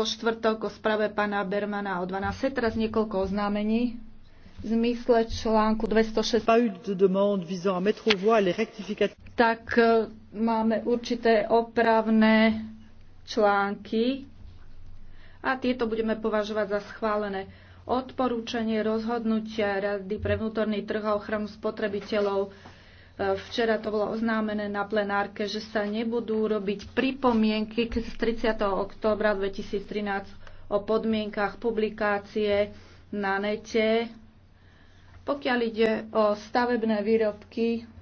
vo štvrtok o sprave pána Bermana o 12. Teraz niekoľko oznámení. V zmysle článku 206 tak e, máme určité opravné články a tieto budeme považovať za schválené. Odporúčanie rozhodnutia Rady pre vnútorný trh a ochranu spotrebiteľov Včera to bolo oznámené na plenárke, že sa nebudú robiť pripomienky z 30. októbra 2013 o podmienkach publikácie na nete, pokiaľ ide o stavebné výrobky